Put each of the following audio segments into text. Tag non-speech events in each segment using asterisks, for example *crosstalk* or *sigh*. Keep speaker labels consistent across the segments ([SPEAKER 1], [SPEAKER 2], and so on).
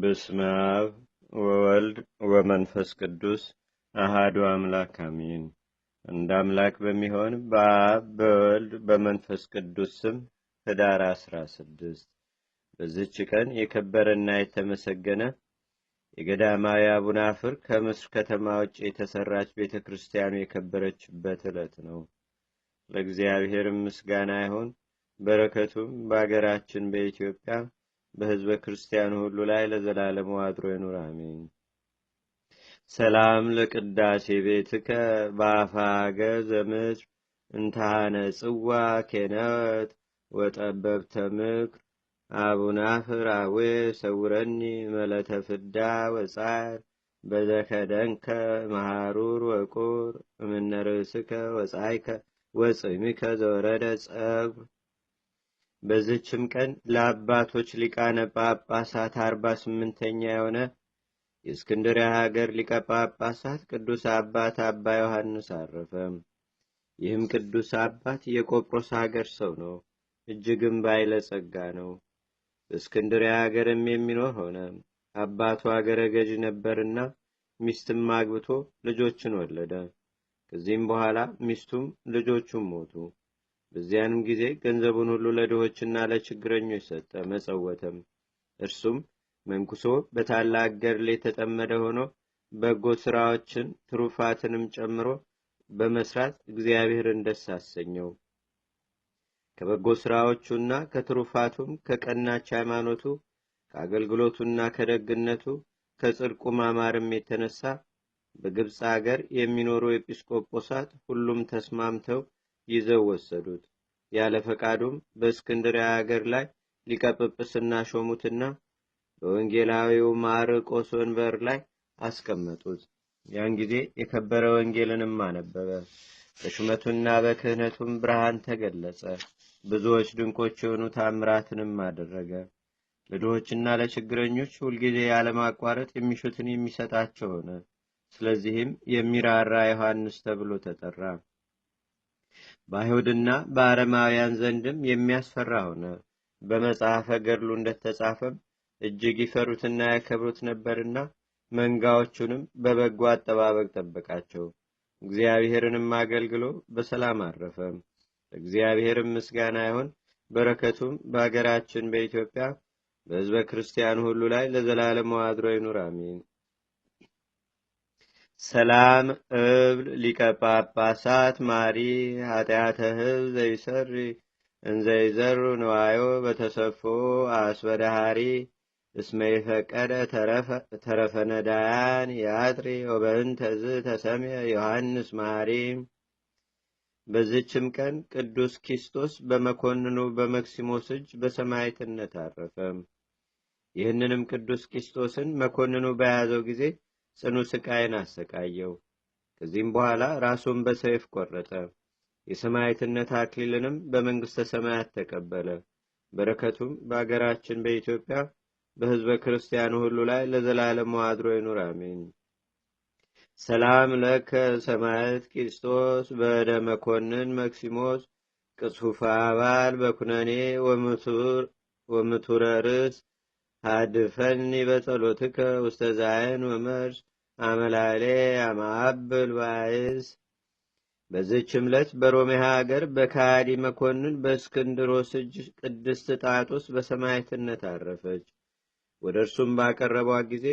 [SPEAKER 1] በስመ አብ ወወልድ ወመንፈስ ቅዱስ አሃዱ አምላክ አሜን። እንደ አምላክ በሚሆን በአብ በወልድ በመንፈስ ቅዱስ ስም ህዳር አስራ ስድስት በዚች ቀን የከበረና የተመሰገነ የገዳማዊ አቡነ አፍር ከምስር ከተማ ውጭ የተሰራች ቤተ ክርስቲያኑ የከበረችበት ዕለት ነው። ለእግዚአብሔር ምስጋና ይሁን። በረከቱም በአገራችን በኢትዮጵያ በህዝበ ክርስቲያኑ ሁሉ ላይ ለዘላለሙ አድሮ ይኑር። አሜን። ሰላም ለቅዳሴ ቤትከ በአፋገ ዘምድር እንታነ ጽዋ ኬነት ወጠበብተ ምክር አቡነ ፍራዌ ሰውረኒ መለተ ፍዳ ወጻር በዘከደንከ መሃሩር ወቁር እምነ ርእስከ ወፅሚከ ዘወረደ ጸጉር በዝችም ቀን ለአባቶች ሊቃነ ጳጳሳት አርባ ስምንተኛ የሆነ የእስክንድሪያ ሀገር ሊቀ ጳጳሳት ቅዱስ አባት አባ ዮሐንስ አረፈ። ይህም ቅዱስ አባት የቆጵሮስ ሀገር ሰው ነው። እጅግም ባይለጸጋ ነው። በእስክንድሪያ ሀገርም የሚኖር ሆነ። አባቱ አገረ ገዥ ነበርና ሚስትም አግብቶ ልጆችን ወለደ። ከዚህም በኋላ ሚስቱም ልጆቹም ሞቱ። በዚያንም ጊዜ ገንዘቡን ሁሉ ለድሆችና ለችግረኞች ሰጠ፣ መጸወተም። እርሱም መንኩሶ በታላቅ ገድል የተጠመደ ሆኖ በጎ ስራዎችን ትሩፋትንም ጨምሮ በመስራት እግዚአብሔርን ደስ አሰኘው። ከበጎ ስራዎቹና ከትሩፋቱም ከቀናች ሃይማኖቱ ከአገልግሎቱና ከደግነቱ ከጽድቁ ማማርም የተነሳ በግብፅ አገር የሚኖሩ ኤጲስቆጶሳት ሁሉም ተስማምተው ይዘው ወሰዱት። ያለ ፈቃዱም በእስክንድሪያ አገር ላይ ሊቀጵጵስና ሾሙትና በወንጌላዊው ማርቆስ ወንበር ላይ አስቀመጡት። ያን ጊዜ የከበረ ወንጌልንም አነበበ። በሹመቱና በክህነቱም ብርሃን ተገለጸ። ብዙዎች ድንቆች የሆኑ ታምራትንም አደረገ። ለድሆችና ለችግረኞች ሁልጊዜ ያለማቋረጥ የሚሹትን የሚሰጣቸው ሆነ። ስለዚህም የሚራራ ዮሐንስ ተብሎ ተጠራ። በአይሁድና በአረማውያን ዘንድም የሚያስፈራ ሆነ። በመጽሐፈ ገድሉ እንደተጻፈም እጅግ ይፈሩትና ያከብሩት ነበርና መንጋዎቹንም በበጎ አጠባበቅ ጠበቃቸው። እግዚአብሔርንም አገልግሎ በሰላም አረፈ። እግዚአብሔርም ምስጋና ይሁን። በረከቱም በአገራችን በኢትዮጵያ በህዝበ ክርስቲያኑ ሁሉ ላይ ለዘላለም አድሮ ይኑር፣ አሜን። ሰላም እብል ሊቀ ጳጳሳት ማሪ ኃጢአተ ህብ ዘይሰሪ እንዘይዘሩ ንዋዮ በተሰፎ አስበዳሃሪ እስመ ፈቀደ ተረፈ ነዳያን የአጥሪ ወበእንተ ዝ ዮሐንስ ማሪ በዝችም ቀን ቅዱስ ኪስቶስ በመኮንኑ በመክሲሞስ እጅ በሰማይትነት አረፈ። ይህንንም ቅዱስ ኪስቶስን መኮንኑ በያዘው ጊዜ ጽኑ ስቃይን አሰቃየው። ከዚህም በኋላ ራሱን በሰይፍ ቆረጠ። የሰማይትነት አክሊልንም በመንግሥተ ሰማያት ተቀበለ። በረከቱም በአገራችን በኢትዮጵያ በሕዝበ ክርስቲያኑ ሁሉ ላይ ለዘላለም አድሮ ይኑር፣ አሜን። ሰላም ለከ ሰማያት ክርስቶስ በደ መኮንን መክሲሞስ ቅጽሑፍ አባል በኩነኔ ወምቱረ ርዕስ አድፈኒ በጸሎትከ ውስተ ዛይን ወመርስ አመላሌ አማብል ባይስ በዝች ዕለት በሮሜ ሀገር በካዲ መኮንን በእስክንድሮስ እጅ ቅድስት ጣጡስ በሰማይትነት አረፈች። ወደ እርሱም ባቀረቧ ጊዜ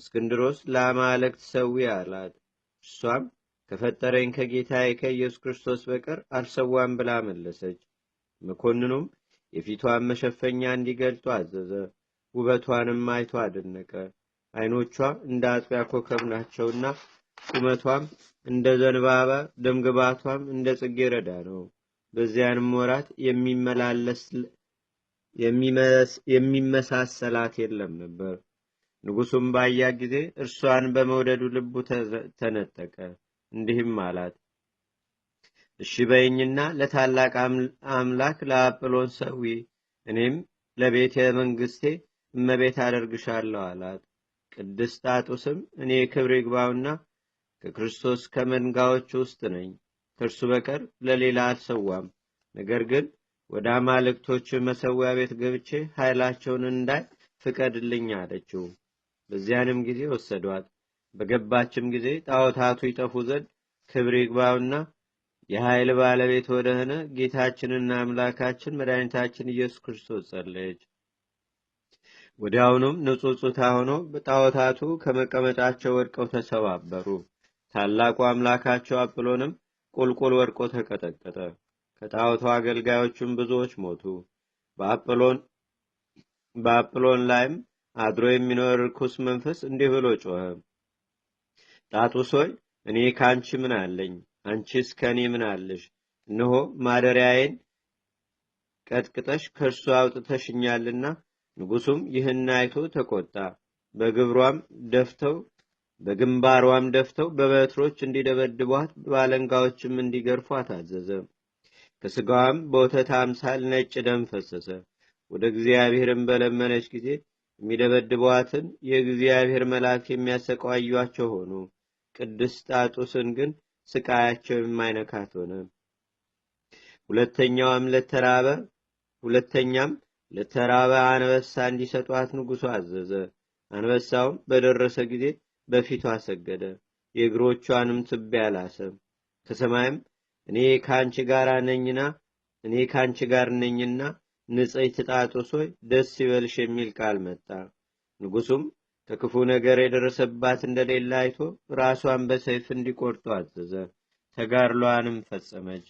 [SPEAKER 1] እስክንድሮስ ለአማለክት ሰዊ አላት። እሷም ከፈጠረኝ ከጌታዬ ከኢየሱስ ክርስቶስ በቀር አልሰዋም ብላ መለሰች። መኮንኑም የፊቷን መሸፈኛ እንዲገልጡ አዘዘ። ውበቷንም አይቶ አደነቀ። ዓይኖቿ እንደ አጥቢያ ኮከብ ናቸውና ቁመቷም እንደ ዘንባባ ደምግባቷም እንደ ጽጌ ረዳ ነው። በዚያንም ወራት የሚመሳሰላት የለም ነበር። ንጉሱም ባያ ጊዜ እርሷን በመውደዱ ልቡ ተነጠቀ። እንዲህም አላት፣ እሺ በይኝና ለታላቅ አምላክ ለአጵሎን ሰዊ እኔም ለቤተ መንግስቴ እመቤት አደርግሻለሁ አላት። ቅድስት ጣጡስም እኔ ክብር ይግባውና ከክርስቶስ ከመንጋዎች ውስጥ ነኝ፣ ከእርሱ በቀር ለሌላ አልሰዋም። ነገር ግን ወደ አማልክቶች መሰዊያ ቤት ገብቼ ኃይላቸውን እንዳይ ፍቀድልኝ አለችው። በዚያንም ጊዜ ወሰዷት። በገባችም ጊዜ ጣዖታቱ ይጠፉ ዘንድ ክብር ይግባውና የኃይል ባለቤት ወደሆነ ጌታችንና አምላካችን መድኃኒታችን ኢየሱስ ክርስቶስ ጸለየች። ወዲያውኑም ጽታ ሆኖ በጣዖታቱ ከመቀመጫቸው ወድቀው ተሰባበሩ። ታላቁ አምላካቸው አጵሎንም ቁልቁል ወድቆ ተቀጠቀጠ። ከጣዖቱ አገልጋዮቹም ብዙዎች ሞቱ። በአጵሎን ላይም አድሮ የሚኖር ርኩስ መንፈስ እንዲህ ብሎ ጮኸ። ጣጡስ ሆይ እኔ ከአንቺ ምን አለኝ? አንቺስ ከእኔ ምን አለሽ? እነሆ ማደሪያዬን ቀጥቅጠሽ ከእርሱ አውጥተሽኛልና ንጉሱም ይህን አይቶ ተቆጣ። በግብሯም ደፍተው በግንባሯም ደፍተው በበትሮች እንዲደበድቧት በባለንጋዎችም እንዲገርፉ አታዘዘ ከስጋዋም በወተት አምሳል ነጭ ደም ፈሰሰ። ወደ እግዚአብሔርን በለመነች ጊዜ የሚደበድቧትን የእግዚአብሔር መልአክ የሚያሰቃዩቸው ሆኑ። ቅድስት ጣጡስን ግን ስቃያቸው የማይነካት ሆነ። ሁለተኛዋም ለተራበ ሁለተኛም ለተራበ አንበሳ እንዲሰጧት ንጉሱ አዘዘ። አንበሳውም በደረሰ ጊዜ በፊቱ አሰገደ የእግሮቿንም ትቢያ ላሰ። ከሰማይም እኔ ከአንቺ ጋር ነኝና እኔ ከአንቺ ጋር ነኝና ንጽሕት ጣጦስ ሆይ ደስ ይበልሽ የሚል ቃል መጣ። ንጉሱም ከክፉ ነገር የደረሰባት እንደሌለ አይቶ ራሷን በሰይፍ እንዲቆርጡ አዘዘ። ተጋድሏንም ፈጸመች።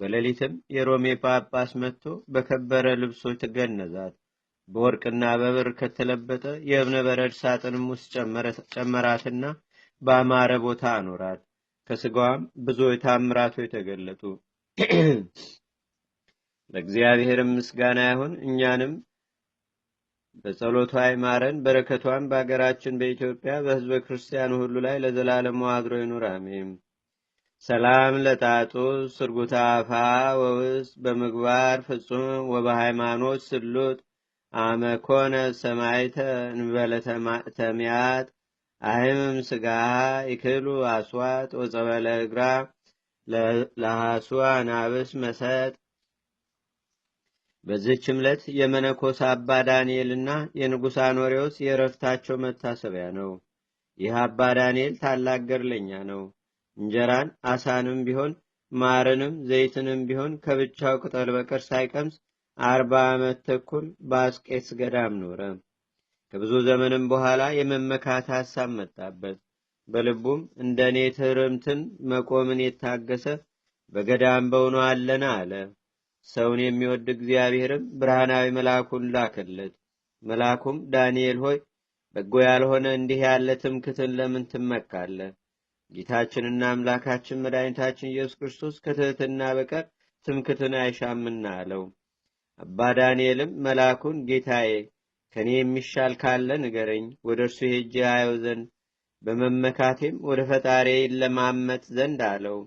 [SPEAKER 1] በሌሊትም የሮሜ ጳጳስ መጥቶ በከበረ ልብሶች ተገነዛት። በወርቅና በብር ከተለበጠ የእብነ በረድ ሳጥንም ውስጥ ጨመራትና በአማረ ቦታ አኖራት። ከስጋዋም ብዙ የታምራቶ ተገለጡ። *clears throat* ለእግዚአብሔር ምስጋና ይሁን። እኛንም በጸሎቷ አይማረን፣ በረከቷን በአገራችን በኢትዮጵያ በህዝበ ክርስቲያኑ ሁሉ ላይ ለዘላለም ዋግሮ ይኑር። አሜም ሰላም ለጣጡ ስርጉታ አፋ በምግባር ፍጹም ወበሃይማኖት ስሉጥ አመኮነ ሰማይተ እንበለተሚያት አህምም ስጋ ይክሉ አስዋጥ ወፀበለ እግራ ለሃሱ አናብስ መሰጥ በዚህ ችምለት የመነኮስ አባ ዳንኤልና የንጉሥ አኖሬዎስ የእረፍታቸው መታሰቢያ ነው። ይህ አባ ዳንኤል ታላቅ ገርለኛ ነው። እንጀራን አሳንም ቢሆን ማርንም ዘይትንም ቢሆን ከብቻው ቅጠል በቀር ሳይቀምስ አርባ ዓመት ተኩል በአስቄስ ገዳም ኖረ። ከብዙ ዘመንም በኋላ የመመካት ሐሳብ መጣበት። በልቡም እንደ እኔ ትርምትን መቆምን የታገሰ በገዳም በውኖ አለነ አለ። ሰውን የሚወድ እግዚአብሔርም ብርሃናዊ መልአኩን ላከለት። መልአኩም ዳንኤል ሆይ በጎ ያልሆነ እንዲህ ያለ ትምክትን ለምን ትመካለህ? ጌታችንና አምላካችን መድኃኒታችን ኢየሱስ ክርስቶስ ከትህትና በቀር ትምክትን አይሻምና አለው። አባ ዳንኤልም መልአኩን ጌታዬ ከእኔ የሚሻል ካለ ንገረኝ፣ ወደ እርሱ ሄጄ አየው ዘንድ በመመካቴም ወደ ፈጣሪ ለማመጥ ዘንድ አለው።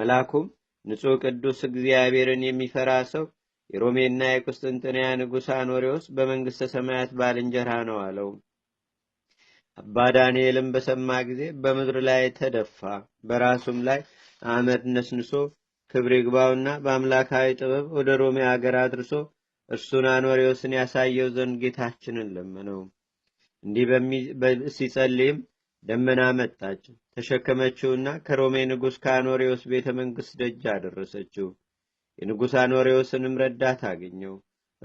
[SPEAKER 1] መልአኩም ንጹሕ ቅዱስ እግዚአብሔርን የሚፈራ ሰው የሮሜና የቁስጥንጥንያ ንጉሥ አኖሬዎስ በመንግሥተ ሰማያት ባልንጀራ ነው አለው። አባ ዳንኤልም በሰማ ጊዜ በምድር ላይ ተደፋ፣ በራሱም ላይ አመድ ነስንሶ ክብር ይግባውና በአምላካዊ ጥበብ ወደ ሮሜ አገር አድርሶ እርሱን አኖሪዎስን ያሳየው ዘንድ ጌታችንን ለመነው። እንዲህ ሲጸልይም ደመና መጣች፣ ተሸከመችውና ከሮሜ ንጉሥ ከአኖሪዎስ ቤተ መንግሥት ደጅ አደረሰችው። የንጉሥ አኖሪዎስንም ረዳት አገኘው።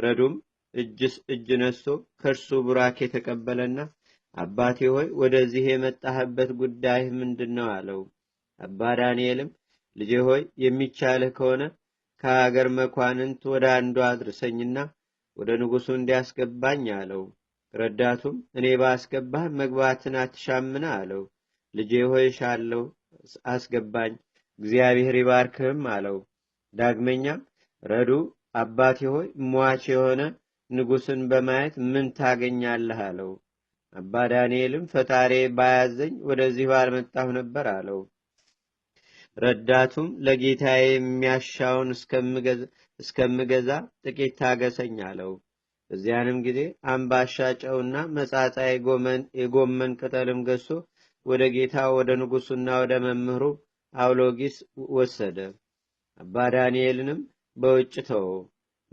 [SPEAKER 1] ረዱም እጅ ነስቶ ከእርሱ ቡራክ የተቀበለና አባቴ ሆይ ወደዚህ የመጣህበት ጉዳይ ምንድን ነው አለው አባ ዳንኤልም ልጄ ሆይ የሚቻልህ ከሆነ ከሀገር መኳንንት ወደ አንዱ አድርሰኝና ወደ ንጉሱ እንዲያስገባኝ አለው ረዳቱም እኔ ባስገባህ መግባትን አትሻምና አለው ልጄ ሆይ ሻለው አስገባኝ እግዚአብሔር ይባርክህም አለው ዳግመኛም ረዱ አባቴ ሆይ ሟች የሆነ ንጉስን በማየት ምን ታገኛለህ አለው አባ ዳንኤልም ፈጣሬ ባያዘኝ ወደዚህ ባልመጣሁ ነበር አለው። ረዳቱም ለጌታዬ የሚያሻውን እስከምገዛ ጥቂት ታገሰኝ አለው። በዚያንም ጊዜ አምባሻ ጨውና መጻጻ የጎመን ቅጠልም ገሶ ወደ ጌታ ወደ ንጉሱና ወደ መምህሩ አውሎጊስ ወሰደ። አባ ዳንኤልንም በውጭ ተወው።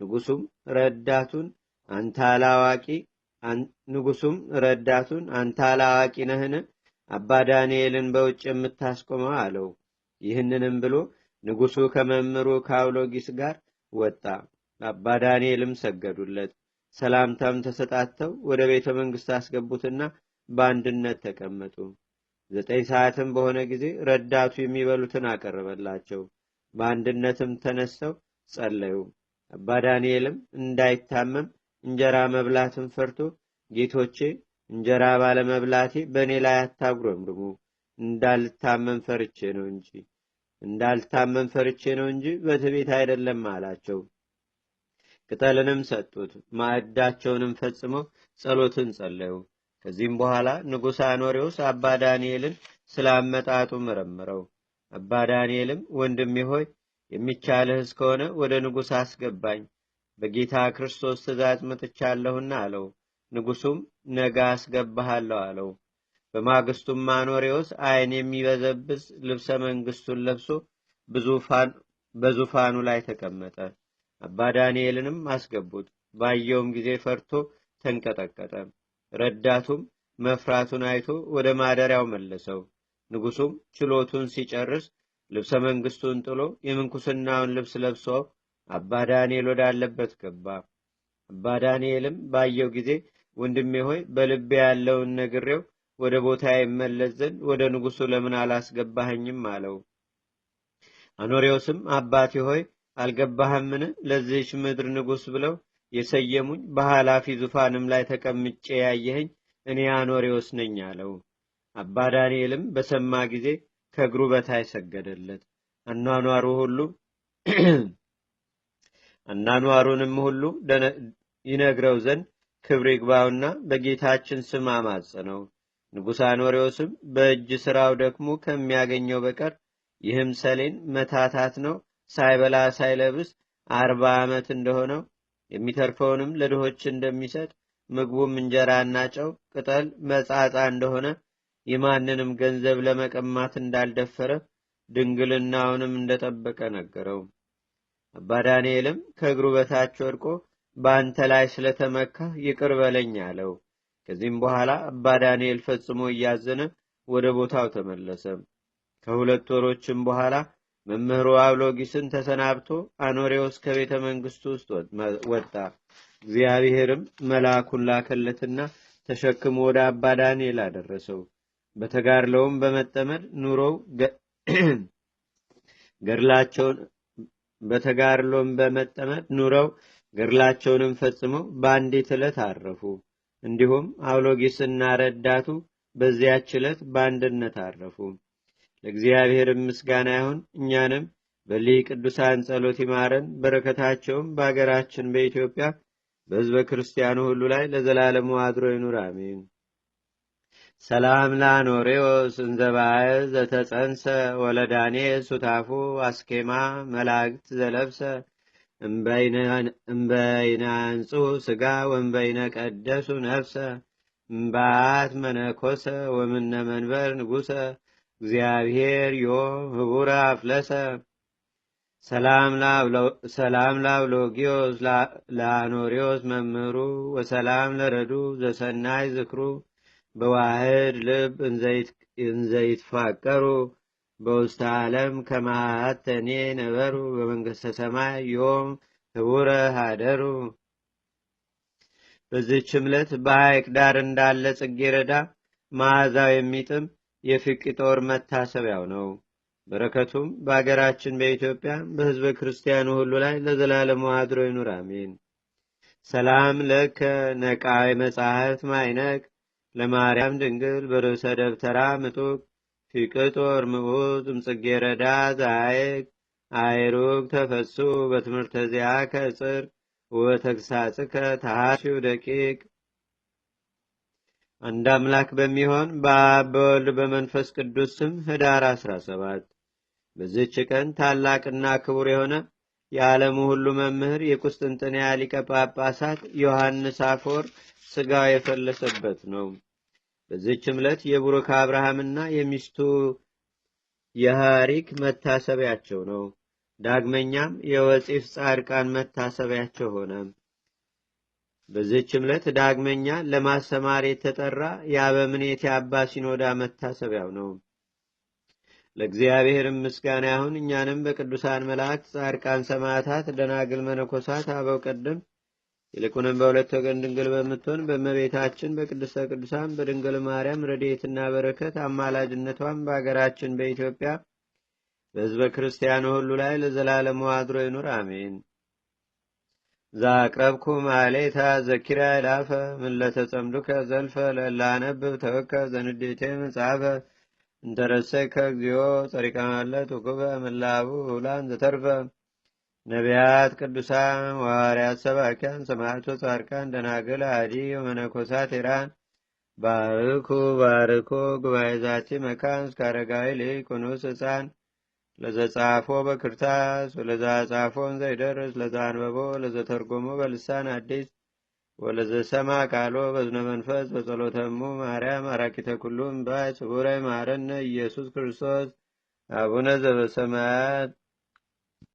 [SPEAKER 1] ንጉሱም ረዳቱን አንተ አላዋቂ ንጉሱም ረዳቱን አንተ አላዋቂ ነህን? አባ ዳንኤልን በውጭ የምታስቆመው አለው። ይህንንም ብሎ ንጉሱ ከመምህሩ ከአውሎጊስ ጋር ወጣ። አባ ዳንኤልም ሰገዱለት። ሰላምታም ተሰጣተው ወደ ቤተ መንግስት አስገቡትና በአንድነት ተቀመጡ። ዘጠኝ ሰዓትም በሆነ ጊዜ ረዳቱ የሚበሉትን አቀረበላቸው። በአንድነትም ተነስተው ጸለዩ። አባ ዳንኤልም እንዳይታመም እንጀራ መብላትን ፈርቶ ጌቶቼ እንጀራ ባለመብላቴ በእኔ ላይ አታጉረምርሙ፣ እንዳልታመን ፈርቼ ነው እንጂ እንዳልታመን ፈርቼ ነው እንጂ በትቤት አይደለም አላቸው። ቅጠልንም ሰጡት፣ ማዕዳቸውንም ፈጽመው ጸሎትን ጸለዩ። ከዚህም በኋላ ንጉሥ አኖሬውስ አባ ዳንኤልን ስለ አመጣጡ መረምረው። አባ ዳንኤልም ወንድሜ ሆይ የሚቻልህ እስከሆነ ወደ ንጉሥ አስገባኝ በጌታ ክርስቶስ ትእዛዝ መጥቻለሁና አለው። ንጉሱም ነገ አስገባሃለሁ አለው። በማግስቱም ማኖሪዎስ አይን የሚበዘብዝ ልብሰ መንግስቱን ለብሶ በዙፋኑ ላይ ተቀመጠ። አባ ዳንኤልንም አስገቡት። ባየውም ጊዜ ፈርቶ ተንቀጠቀጠ። ረዳቱም መፍራቱን አይቶ ወደ ማደሪያው መለሰው። ንጉሱም ችሎቱን ሲጨርስ ልብሰ መንግስቱን ጥሎ የምንኩስናውን ልብስ ለብሶ አባ ዳንኤል ወዳለበት ገባ። አባ ዳንኤልም ባየው ጊዜ ወንድሜ ሆይ በልቤ ያለውን ነግሬው ወደ ቦታ ይመለስ ዘንድ ወደ ንጉሱ ለምን አላስገባኸኝም አለው። አኖሬዎስም አባቴ ሆይ አልገባህምን? ለዚህች ምድር ንጉስ ብለው የሰየሙኝ በኃላፊ ዙፋንም ላይ ተቀምጬ ያየኸኝ እኔ አኖሬዎስ ነኝ አለው። አባ ዳንኤልም በሰማ ጊዜ ከእግሩ በታይ ሰገደለት። አኗኗሩ ሁሉ አናኗሩንም ሁሉ ይነግረው ዘንድ ክብር ይግባውና በጌታችን ስም ነው ንጉሥ አኖሬዎስም በእጅ ሥራው ደክሞ ከሚያገኘው በቀር ይህም ሰሌን መታታት ነው፣ ሳይበላ ሳይለብስ አርባ ዓመት እንደሆነው የሚተርፈውንም ለድሆች እንደሚሰጥ ምግቡም እንጀራና ጨው ቅጠል መጻጻ እንደሆነ የማንንም ገንዘብ ለመቀማት እንዳልደፈረ ድንግልናውንም እንደጠበቀ ነገረው። አባ ዳንኤልም ከእግሩ በታች ወድቆ በአንተ ላይ ስለተመካ ይቅር በለኝ አለው። ከዚህም በኋላ አባ ዳንኤል ፈጽሞ እያዘነ ወደ ቦታው ተመለሰ። ከሁለት ወሮችም በኋላ መምህሩ አብሎጊስን ተሰናብቶ አኖሬዎስ ከቤተ መንግስቱ ውስጥ ወጣ። እግዚአብሔርም መልአኩን ላከለትና ተሸክሞ ወደ አባ ዳንኤል አደረሰው። በተጋድለውም በመጠመድ ኑሮው *clears throat* ገድላቸውን በተጋድሎም በመጠመድ ኑረው ግርላቸውንም ፈጽመው በአንዲት ዕለት አረፉ። እንዲሁም አውሎጊስና ረዳቱ በዚያች ዕለት በአንድነት አረፉ። ለእግዚአብሔር ምስጋና ይሁን። እኛንም በሊህ ቅዱሳን ጸሎት ይማረን። በረከታቸውም በአገራችን በኢትዮጵያ በሕዝበ ክርስቲያኑ ሁሉ ላይ ለዘላለሙ አድሮ ይኑር። አሜን። ሰላም ላኖሬዎስ እንዘባየ ዘተፀንሰ ወለዳኔ ሱታፉ አስኬማ መላእክት ዘለብሰ እምበይናንፁ ስጋ ወንበይነ ቀደሱ ነፍሰ እምባት መነኮሰ ወምነ መንበር ንጉሰ እግዚአብሔር ዮ ህቡረ አፍለሰ ሰላም ላብሎጊዮስ ለአኖሪዎስ መምህሩ ወሰላም ለረዱ ዘሰናይ ዝክሩ በዋህድ ልብ እንዘይትፋቀሩ በውስተ ዓለም ከማሃተኔ ነበሩ በመንግሥተ ሰማይ ዮም ህቡረ ሃደሩ። በዚህች ዕለት በሐይቅ ዳር እንዳለ ጽጌረዳ መዓዛው የሚጥም የፍቅ ጦር መታሰቢያው ነው። በረከቱም በአገራችን በኢትዮጵያ በሕዝበ ክርስቲያኑ ሁሉ ላይ ለዘላለሙ አድሮ ይኑር፣ አሜን። ሰላም ለከ ነቃይ መጽሐፍ ማይነቅ ለማርያም ድንግል በርዕሰ ደብተራ ምጡቅ ፊቅጦር ምዑዝ ረዳ ዛይቅ አይሩግ ተፈሱ በትምህርተ ዚያ ጽድቅ ወተግሳጽከ ተሃሺው ደቂቅ አንድ አምላክ በሚሆን በአብ በወልድ በመንፈስ ቅዱስ ስም ህዳር 17 በዚህች ቀን ታላቅና ክቡር የሆነ የዓለሙ ሁሉ መምህር የቁስጥንጥንያ ሊቀ ጳጳሳት ዮሐንስ አፎር ሥጋ የፈለሰበት ነው። በዚች ዕለት የቡሩክ አብርሃምና የሚስቱ የሐሪክ መታሰቢያቸው ነው። ዳግመኛም የወፂፍ ጻድቃን መታሰቢያቸው ሆነ። በዚች ዕለት ዳግመኛ ለማሰማር የተጠራ የአበምኔት የአባ ሲኖዳ መታሰቢያው ነው። ለእግዚአብሔር ምስጋና ያሁን እኛንም በቅዱሳን መላእክት፣ ጻድቃን፣ ሰማዕታት፣ ደናግል፣ መነኮሳት፣ አበው ቀደም ይልቁንም በሁለት ወገን ድንግል በምትሆን በእመቤታችን በቅድስተ ቅዱሳን በድንግል ማርያም ረድኤትና በረከት አማላጅነቷን በአገራችን በኢትዮጵያ በሕዝበ ክርስቲያኑ ሁሉ ላይ ለዘላለሙ አድሮ ይኑር። አሜን። ዛቅረብኩ ማሌታ ዘኪራ ይላፈ ምን ለተጸምዱከ ዘልፈ ለላነብብ ተወከ ዘንዴቴ መጻፈ እንተረሰይከ እግዚኦ ጸሪቃለት ውክበ ምላቡ ውላን ዘተርፈ ነቢያት፣ ቅዱሳን፣ ዋርያት፣ ሰባኪያን፣ ሰማዕቶ፣ ጻርካን ደናግል፣ አዲ መነኮሳት ኢራን ባርኩ ባርኮ ጉባኤ ዛቲ መካን እስካረጋዊ አረጋዊ ቁኑስ ህፃን ለዘጻፎ በክርታስ ለዛጻፎን ዘይደርስ አንበቦ ለዘተርጎሞ በልሳን አዲስ ወለዘሰማ ቃሎ በዝነ መንፈስ በጸሎተሙ ማርያም አራቂተ ኩሉም ባይ ጽቡረ ማረነ ኢየሱስ ክርስቶስ አቡነ ዘበሰማያት